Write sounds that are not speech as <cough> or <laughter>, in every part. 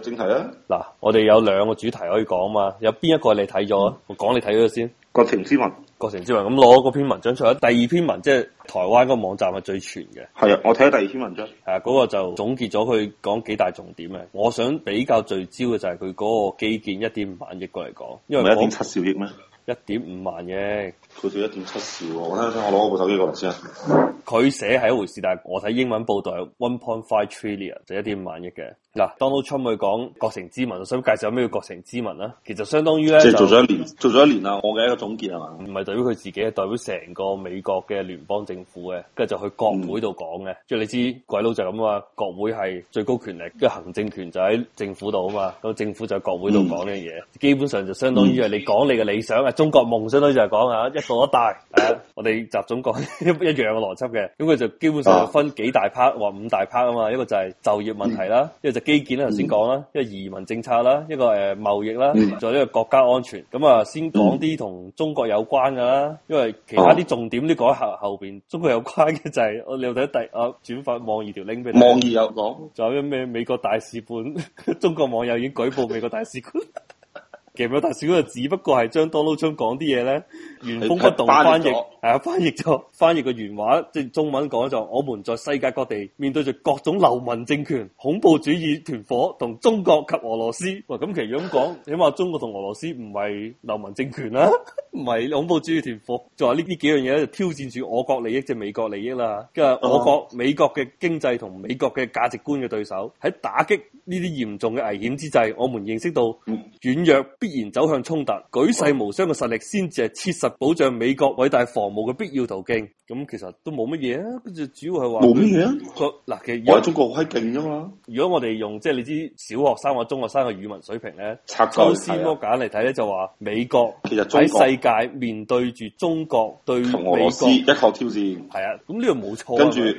正題啦！嗱，我哋有兩個主題可以講嘛，有邊一個你睇咗啊？嗯、我講你睇咗先。國情咨文，國情咨文咁攞嗰篇文章出嚟，除咗第二篇文，即係台灣嗰個網站係最全嘅。係啊，我睇咗第二篇文章。係啊，嗰、那個就總結咗佢講幾大重點啊！我想比較聚焦嘅就係佢嗰個基建一點五萬億過嚟講，因為一點七兆億咩？一點五萬億。佢做一點七兆，我睇下先。我攞部手機過嚟先。佢寫係一回事，但係我睇英文報道，one point five trillion 就一點五萬億嘅。嗱、嗯啊、，Donald Trump 去講國情咨文，我想介紹咩叫國情咨文咧、啊？其實相當於咧、啊，即係做咗一年，就做咗一年啊，我嘅一個總結係嘛？唔係、嗯、代表佢自己，係代表成個美國嘅聯邦政府嘅、啊，跟住就去國會度講嘅。即係、嗯、你知鬼佬就咁啊，國會係最高權力，跟住行政權就喺政府度啊嘛。咁政府就喺國會度講呢樣嘢，嗯、基本上就相當於係、嗯、你講你嘅理想啊，中國夢，相當於就係講啊我大，我哋集中講一一樣嘅邏輯嘅，咁佢就基本上分幾大 part 或五大 part 啊嘛，一個就係就業問題啦，一個就基建啦，頭先講啦，一個移民政策啦，一個誒貿易啦，再一個國家安全，咁啊先講啲同中國有關噶啦，因為其他啲重點都講喺後後邊。中國有關嘅就係我哋睇第我轉發網易條 link 俾你，網易有講，仲有咩美國大使館，中國網友已經舉報美國大使館，其實美國大使館就只不過係將 Donald Trump 講啲嘢咧。原封不動翻譯，係啊翻譯咗翻譯個原話，即係中文講就，我們在世界各地面對着各種流氓政權、恐怖主義團伙，同中國及俄羅斯。喂，咁其實咁講，起碼中國同俄羅斯唔係流氓政權啦，啊，唔係恐怖主義團伙，就話呢啲幾樣嘢咧就挑戰住我國利益，即係美國利益啦。即係我國、嗯、美國嘅經濟同美國嘅價值觀嘅對手，喺打擊呢啲嚴重嘅危險之際，我們認識到，軟弱必然走向衝突，舉世無雙嘅實力先至係切實。保障美國偉大防務嘅必要途徑，咁其實都冇乜嘢啊。跟住主要係話冇乜嘢啊。嗱，其實有中國好勁啫嘛。如果我哋用即係、就是、你知小學生或中學生嘅語文水平咧，高三摩簡嚟睇咧，就話美國喺世界面對住中國對俄羅斯一項挑戰。係啊，咁呢個冇錯。跟住著吧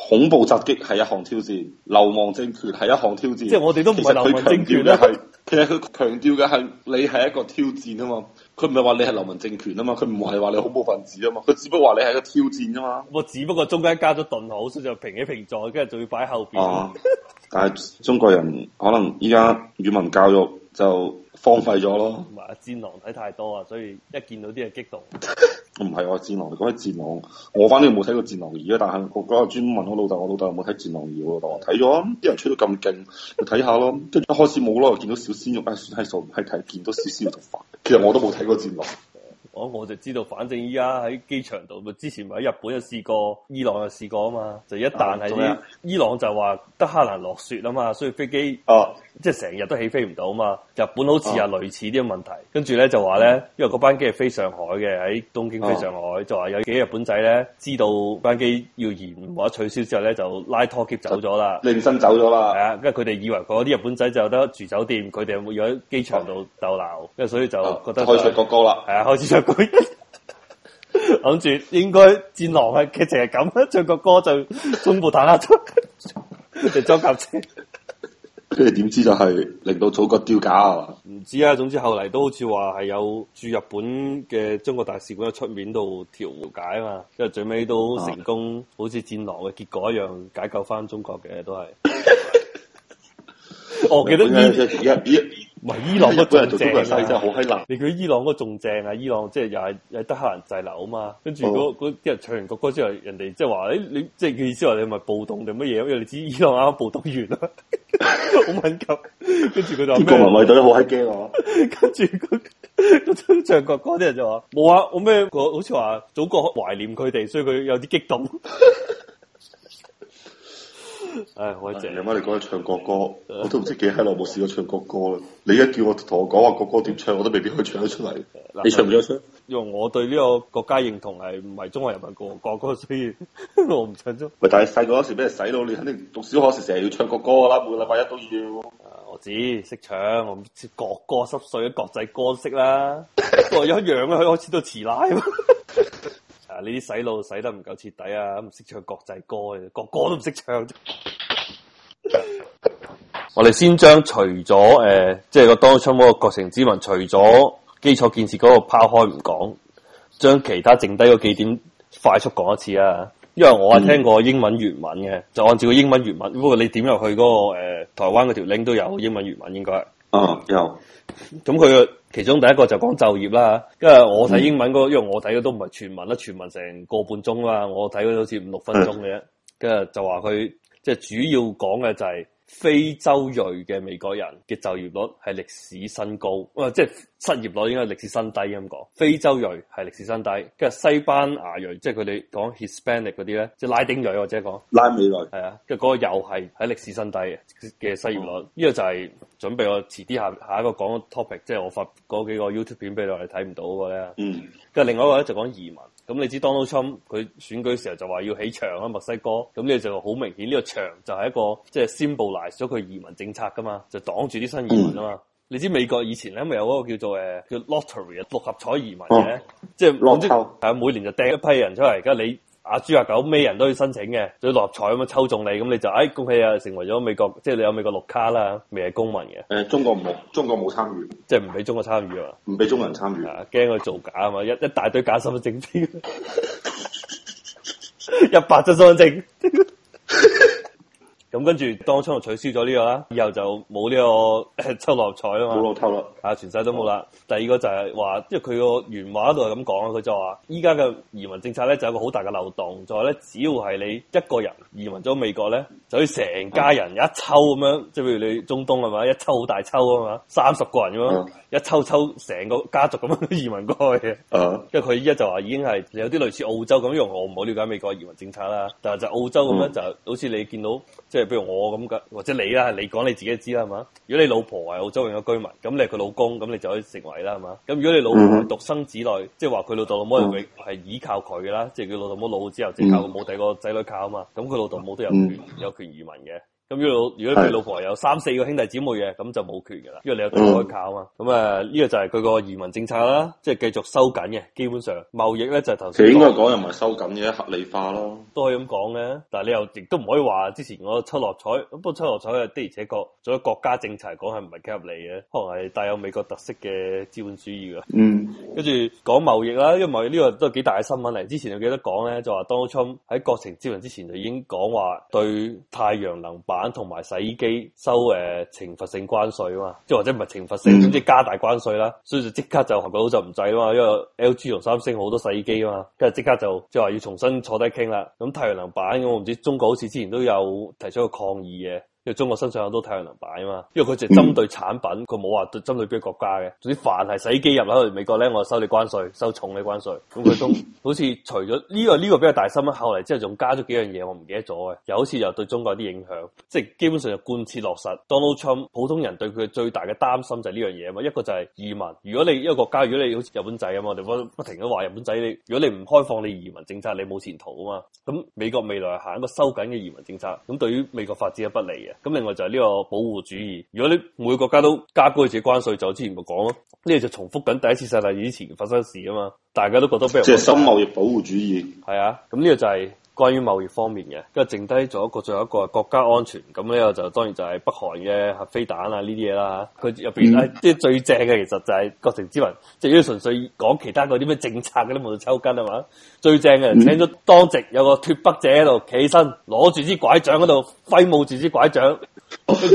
恐怖襲擊係一項挑戰，流氓政權係一項挑戰。即係我哋都唔係流氓政權咧。 <laughs> 其實佢強調嘅係你係一個挑戰啊嘛，佢唔係話你係流氓政權啊嘛，佢唔係話你恐怖分子啊嘛，佢只不過話你係一個挑戰啊嘛。我只不過中間加咗頓號，所以就平起平坐，跟住仲要擺後邊。哦、啊，但係中國人可能依家語文教育。就荒廢咗咯，唔係戰狼睇太多啊，所以一見到啲嘢激動。唔係喎戰狼，講起戰狼，我反正冇睇過戰狼二啊。但係我嗰日專問我老豆，我老豆有冇睇戰狼二，老豆話睇咗，啲人吹到咁勁，就睇下咯。跟住一開始冇耐，又見到小鮮肉，唉、哎，算係熟，係睇見到小鮮肉就煩。其實我都冇睇過戰狼。我就知道，反正依家喺機場度，之前喺日本又試過，伊朗又試過啊嘛。就一旦係呢，伊朗就話德黑蘭落雪啦嘛，所以飛機哦，啊、即係成日都起飛唔到啊嘛。日本好似又類似啲問題，啊、跟住咧就話咧，因為嗰班機係飛上海嘅，喺東京飛上海，啊、就話有幾日本仔咧知道班機要延誤或取消之後咧，就拉拖機走咗啦，唔身走咗啦。係啊，因為佢哋以為嗰啲日本仔就得住酒店，佢哋冇用喺機場度逗留，跟住、啊、所以就覺得、就是、開出國歌啦，係啊，開始出。諗 <laughs> 住應該戰狼嘅劇情係咁，唱個歌，歌就中葡坦克就裝甲車，跟住點知就係令到祖國丟架？啊！唔知啊，總之後嚟，都好似話係有駐日本嘅中國大使館有出面度調解啊嘛，即係最尾都成功、啊、好似戰狼嘅結果一樣，解救返中國嘅都係。我記得。 <laughs> 唔係伊朗嗰個人正啊，個世真係好閪難。你佢伊朗嗰個仲正啊，伊朗即係又係又係德克蘭滯留啊嘛。跟住嗰嗰啲人唱完國歌之後，人哋即係話：誒，你即係佢意思話你係咪暴動定乜嘢？因為你知伊朗啱啱暴動完啦，好敏感。跟住佢就啲國民衛隊好閪驚。跟住佢唱國歌啲人就話：冇啊，我咩？我好似話祖國懷念佢哋，所以佢有啲激動。 <laughs> 誒，好正，哎！你媽，你講起唱國歌， <laughs> 我都唔知幾嗨耐，冇試過唱國歌。你一叫我同我講話國歌點唱，我都未必可以唱得出嚟。啊、你唱唔出？因為,我對呢個國家認同係唔係中華人民共和國國歌，所以我唔唱啫。喂，但係細個嗰時俾人洗腦，你肯定讀小學時成日要唱國歌噶啦，每個禮拜一都要。啊、我知識唱，我唔知國歌濕碎啊國際歌識啦，我一樣啦，佢開始都遲啦。啊，你啲洗腦洗得唔夠徹底啊，唔識唱國際歌嘅，國歌，國歌、 <laughs> 啊、都唔識、 <laughs> 啊、唱，唱。我哋先將除咗誒，即係個當初嗰個國情咨文，除咗基礎建設嗰個拋開唔講，將其他剩低個幾點快速講一次啊！因為我係聽過英文原文嘅，嗯、就按照個英文原文。不過你點入去嗰、那個誒、呃、台灣嗰條 link 都有英文原文應該，應該啊有。咁佢其中第一個就講就業啦，因為我睇英文嗰、那個，嗯、因為我睇嘅都唔係全文啦，全文成個半鐘啦，我睇佢好似五六分鐘嘅，跟住、嗯、就話佢即係主要講嘅就係、是。非洲裔嘅美國人嘅就業率係歷史新高，啊，即係失業率應該係歷史新低咁講。非洲裔係歷史新低，跟住西班牙裔，即係佢哋講 Hispanic 嗰啲咧，即係拉丁裔或者講拉美裔，係啊，跟住嗰個又係喺歷史新低嘅失業率。嗯，呢個就係準備我遲啲下下一個講嘅 topic，即係我發嗰幾個 YouTube 片俾你睇唔到嘅咧。嗯，跟住另外一個咧就講移民。咁你知 Donald Trump 佢選舉時候就話要起牆啊墨西哥，咁呢個就好明顯呢個牆就係一個即係先布埋咗佢移民政策噶嘛，就擋住啲新移民啊嘛。嗯、你知美國以前咧咪有嗰個叫做誒叫 lottery 啊，六合彩移民嘅，哦、即係總之係每年就掟一批人出嚟。而家你阿豬阿狗咩人都要申請嘅，就六合彩咁樣抽中你，咁、嗯、你就誒、哎、恭喜啊，成為咗美國，即係你有美國綠卡啦，未係公民嘅。誒，中國唔中國冇參與，即係唔俾中國參與啊，唔俾中國人參與，驚佢造假啊嘛，一一,一大堆假身份證，一百張身份證。笑 <laughs> <laughs> <laughs> 咁跟住當初就取消咗呢、這個啦，以後就冇呢、這個抽六合彩啊嘛，冇落頭啦，啊全世都冇啦。嗯、第二個就係話，即係佢個原話嗰度係咁講啊，佢就話依家嘅移民政策咧就有一個好大嘅漏洞，就係咧只要係你一個人移民咗美國咧，就要成家人一抽咁樣，即係譬如你中東係嘛，一抽好大抽啊嘛，三十個人咁樣、嗯、一抽一抽成個家族咁樣都移民過去嘅，即係佢依家就話已經係有啲類似澳洲咁樣，我唔好了解美國移民政策啦，但係就澳洲咁樣就好似你見到即係。比如我咁嘅，或者你啦，你講你自己知啦，係嘛？如果你老婆係澳洲嘅居民，咁你係佢老公，咁你就可以成為啦，係嘛？咁如果你老婆係獨生子女，mm hmm. 即係話佢老豆老母係依靠佢嘅啦，即係佢老豆老母老咗之後，只靠冇第個仔女靠啊嘛，咁佢、mm hmm. 老豆老母都有權、mm hmm. 有權移民嘅。咁如果如果佢老婆有三四個兄弟姊妹嘅，咁就冇權噶啦，因為你有對外靠啊嘛。咁 <coughs> 啊，呢、這個就係佢個移民政策啦，即係繼續收緊嘅，基本上貿易咧就係頭先。其實應該講又唔係收緊嘅，合理化咯，都可以咁講嘅。但係你又亦都唔可以話之前我抽六合彩，咁不過六合彩又的而且確，作為國家政策嚟講係唔係咁合理嘅，可能係帶有美國特色嘅資本主義噶。嗯，跟住講貿易啦，因為呢、這個都係幾大嘅新聞嚟。之前有記得講咧，就話當初喺國情咨文之前就已經講話對太陽能板板同埋洗衣機收誒懲罰性關稅啊嘛，即係或者唔係懲罰性，總之加大關稅啦，所以就即刻就韓國好就唔使啊嘛，因為 LG 同三星好多洗衣機啊嘛，跟住即刻就即係話要重新坐低傾啦。咁太陽能板咁，我唔知中國好似之前都有提出個抗議嘅。中國身上有好多太陽能板啊嘛，因為佢就針對產品，佢冇話針對邊個國家嘅。總之，凡係使機入去美國咧，我就收你關稅，收重你關稅。咁佢都好似除咗呢、這個呢、這個比較大新聞，後嚟之後仲加咗幾樣嘢，我唔記得咗嘅。又好似又對中國有啲影響，即係基本上就貫徹落實。Donald Trump，普通人對佢最大嘅擔心就係呢樣嘢啊嘛，一個就係移民。如果你一個國家，如果你好似日本仔咁，我哋不不停咁話日本仔，你如果你唔開放你移民政策，你冇前途啊嘛。咁美國未來行一個收緊嘅移民政策，咁對於美國發展係不利嘅。咁另外就係呢個保護主義，如果你每個國家都加高自己關稅，就之前咪講咯，呢個就重複緊第一次世界大戰以前發生嘅事啊嘛，大家都覺得比較即係新貿易保護主義，係啊，咁呢個就係、是關於貿易方面嘅，跟住剩低咗一個，仲有一個係國家安全。咁咧就是、當然就係北韓嘅核飛彈啊呢啲嘢啦。佢入邊咧，即係、嗯、最正嘅，其實就係、是《國情咨文》。至於純粹講其他嗰啲咩政策嘅，都冇到抽筋啊嘛。最正嘅，人請咗當值有個脫北者喺度，企身攞住支拐杖嗰度揮舞住支拐杖，跟住 <laughs>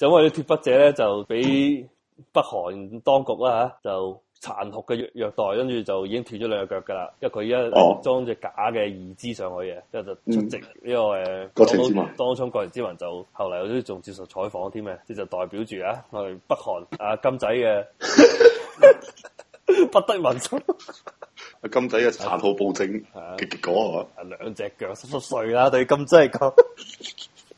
就因為啲脫北者咧就俾北韓當局啦吓、啊、就。殘酷嘅虐待，跟住就已經斷咗兩隻腳噶啦，因為佢而家裝隻假嘅義肢上去嘅，跟住、哦、就出席呢、嗯這個誒國情咨文，當初國情咨文就後嚟我都仲接受採訪添嘅，即就代表住啊我哋北韓啊金仔嘅 <laughs> <laughs> 不得民心金仔嘅殘酷暴政嘅結、啊、果係嘛？兩隻腳濕濕碎啦，對金仔嚟講。 <laughs>